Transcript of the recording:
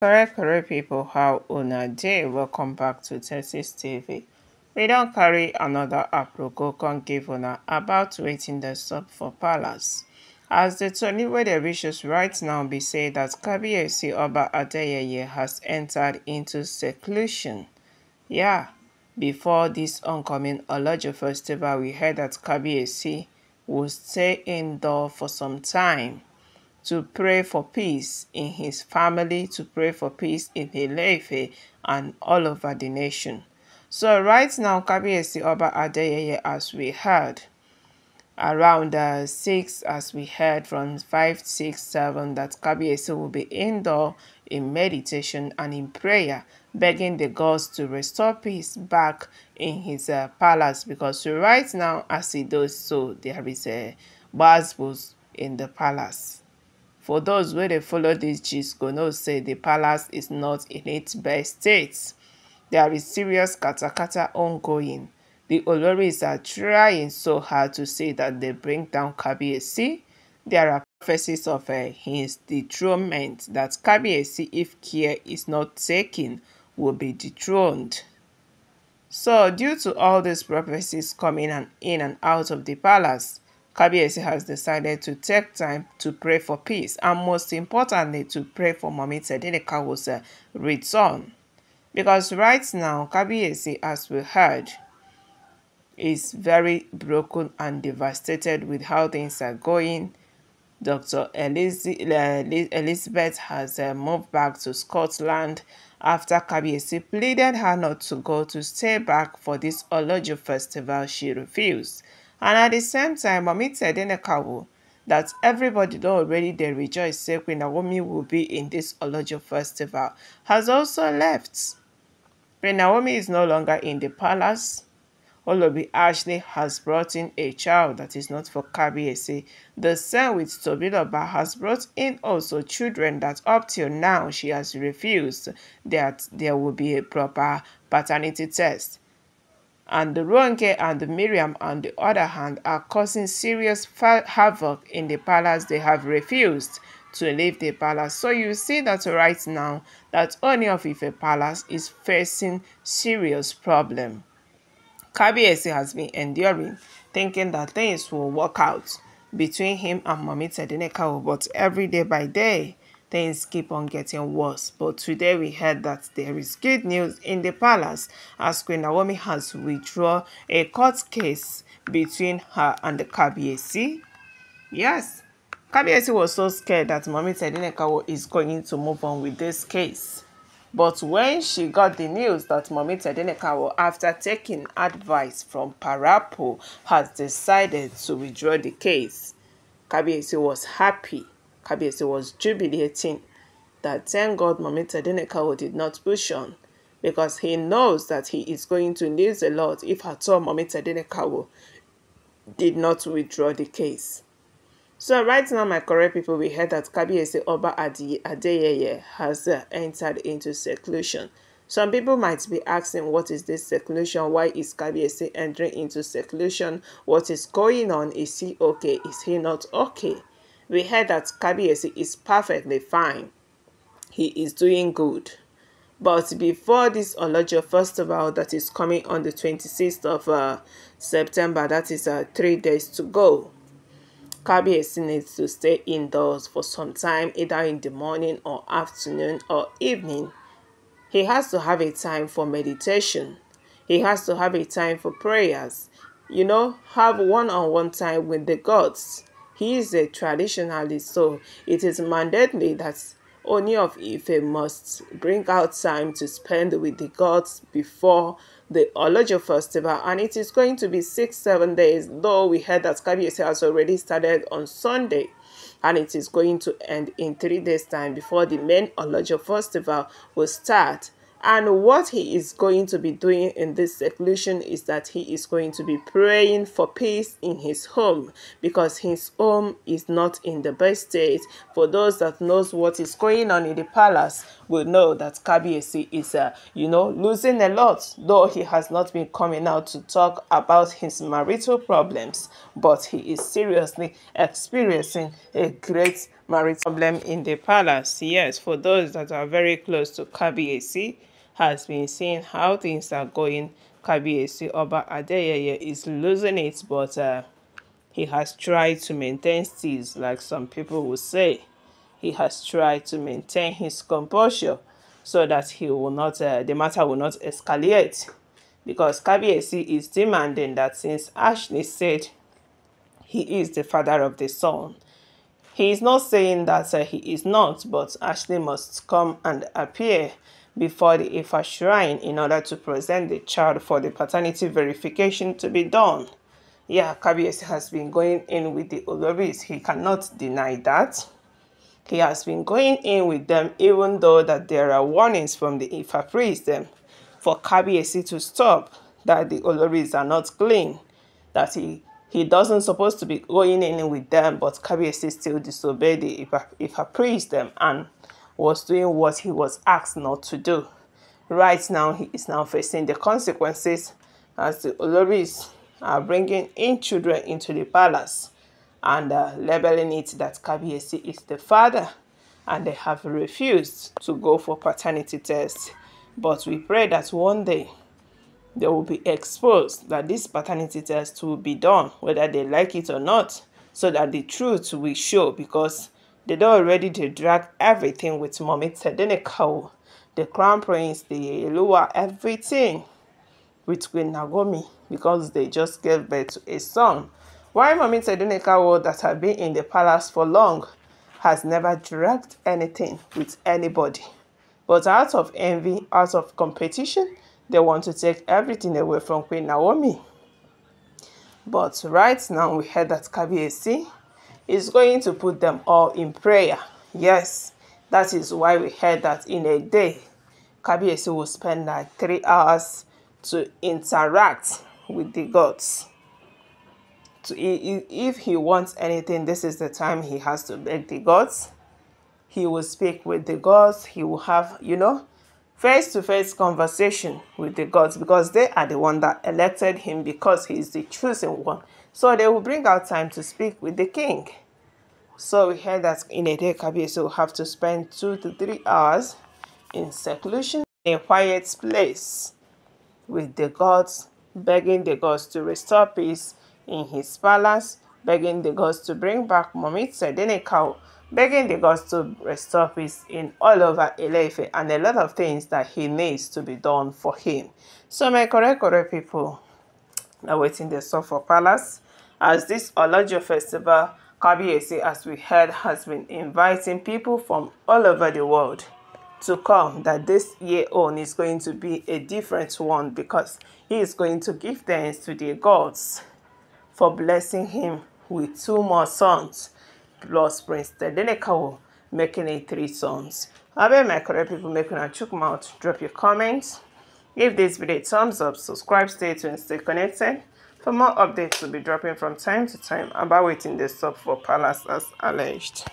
correct correct people. how una day? welcome back to texas tv we don't carry another aproko come give una about waiting the stop for palace as the Tony Weather wishes right now be say dat kabiyesi oba adeyeye has entered into seclusion yeah before this oncoming olojo festival we heard dat kabiyesi will stay indoor for some time to pray for peace in his family, to pray for peace in Ilefe and all over the nation. So right now, Kabiyesi Oba Adeyeye, as we heard, around uh, 6, as we heard from 5, 6, 7, that Kabiyesi will be indoor in meditation and in prayer, begging the gods to restore peace back in his uh, palace. Because right now, as he does so, there is a buzz in the palace. For those where they follow this gist Gono know say the palace is not in its best state. There is serious katakata ongoing. The Oloris are trying so hard to say that they bring down Kabiesi. There are prophecies of a eh, his dethronement that Kabiesi, if care is not taken, will be dethroned. So, due to all these prophecies coming and in and out of the palace, KBS has decided to take time to pray for peace and most importantly to pray for Mommy Tedinekawo's return. Because right now, KBS, as we heard, is very broken and devastated with how things are going. Dr. Uh, Elizabeth has uh, moved back to Scotland after Kabiesi pleaded her not to go to stay back for this Olojo festival she refused. And at the same time, Mami Tedenekawo, that everybody already they rejoice say Queen Naomi will be in this Olojo festival, has also left. Queen Naomi is no longer in the palace. Olobi Ashley has brought in a child that is not for Kabiese. The son with Tobiloba has brought in also children that up till now she has refused that there will be a proper paternity test and the Ronke and the Miriam, on the other hand, are causing serious havoc in the palace they have refused to leave the palace. So you see that right now, that only of Ife Palace is facing serious problem. Kabiyesi has been enduring, thinking that things will work out between him and Mami Tedineka, but every day by day, things keep on getting worse. But today we heard that there is good news in the palace as Queen Naomi has withdrawn a court case between her and the Kabiesi. Yes, Kabiesi was so scared that Mommy Tedinekawo is going to move on with this case. But when she got the news that Mommy Tedinekawo, after taking advice from Parapo, has decided to withdraw the case, Kabiesi was happy Kabiyesi was jubilating that thank God Mamita Denekawo did not push on because he knows that he is going to lose a lot if at all Mamita Denekawo did not withdraw the case. So right now, my correct people, we heard that Kabiyesi Oba Adeyeye has uh, entered into seclusion. Some people might be asking, what is this seclusion? Why is Kabiyesi entering into seclusion? What is going on? Is he okay? Is he not okay? We heard that Kabiesi is perfectly fine. He is doing good. But before this Olojo festival that is coming on the 26th of uh, September, that is uh, three days to go, Kabiesi needs to stay indoors for some time, either in the morning or afternoon or evening. He has to have a time for meditation. He has to have a time for prayers. You know, have one-on-one -on -one time with the gods. He is a traditionalist, so it is mandatory that only of Ife must bring out time to spend with the gods before the Olojo festival, and it is going to be six, seven days, though we heard that Kabiese has already started on Sunday and it is going to end in three days' time before the main Olojo festival will start. And what he is going to be doing in this seclusion is that he is going to be praying for peace in his home because his home is not in the best state. For those that knows what is going on in the palace will know that Kabiesi is, uh, you know, losing a lot, though he has not been coming out to talk about his marital problems, but he is seriously experiencing a great marital problem in the palace. Yes, for those that are very close to Kabiesi, has been seeing how things are going. Kabiyesi Oba Adeyeye is losing it, but uh, he has tried to maintain steeze, like some people would say. He has tried to maintain his composure so that he will not, uh, the matter will not escalate. Because Kabiyesi is demanding that since Ashley said he is the father of the son, he is not saying that uh, he is not, but Ashley must come and appear before the Ifa shrine in order to present the child for the paternity verification to be done. Yeah, Kabiesi has been going in with the Oloris. He cannot deny that. He has been going in with them even though that there are warnings from the Ifa priest um, for Kabiesi to stop, that the Oloris are not clean, that he he doesn't supposed to be going in with them, but Kabiesi still disobeyed the Ifa, Ifa priest them um, and was doing what he was asked not to do. Right now, he is now facing the consequences as the Oloris are bringing in children into the palace and uh, labeling it that Kabiesi is the father and they have refused to go for paternity tests. But we pray that one day they will be exposed, that this paternity test will be done, whether they like it or not, so that the truth will show because they are all ready to drag everything with Mommy Tedeneko, the crown prince, the Elua, everything with Queen Nagomi because they just gave birth to a son. Why Mommy Tedeneka world that have been in the palace for long has never dragged anything with anybody. But out of envy, out of competition, they want to take everything away from Queen Naomi. But right now we heard that Kabiesi is going to put them all in prayer. Yes, that is why we heard that in a day, Kabiesi will spend like three hours to interact with the gods. So if he wants anything, this is the time he has to beg the gods. He will speak with the gods. He will have, you know, face to face conversation with the gods because they are the one that elected him because he is the chosen one so they will bring out time to speak with the king. So we heard that in a day, Kabiyesi will have to spend two to three hours in seclusion in a quiet place with the gods, begging the gods to restore peace in his palace, begging the gods to bring back Momitsa Denekau, begging the gods to restore peace in all over Elefe and a lot of things that he needs to be done for him. So my correct, correct people, awaiting their Suffolk Palace as this Olojo festival Kabiyesi, as we heard, has been inviting people from all over the world to come. That this year on is going to be a different one because he is going to give thanks to the gods for blessing him with two more sons, plus Prince Tedenekawo, making it three sons. I bet my correct people making a chook mouth. Drop your comments. Give this video a thumbs up, subscribe, stay tuned, stay connected for more updates will be dropping from time to time about waiting the sub for Palace as alleged.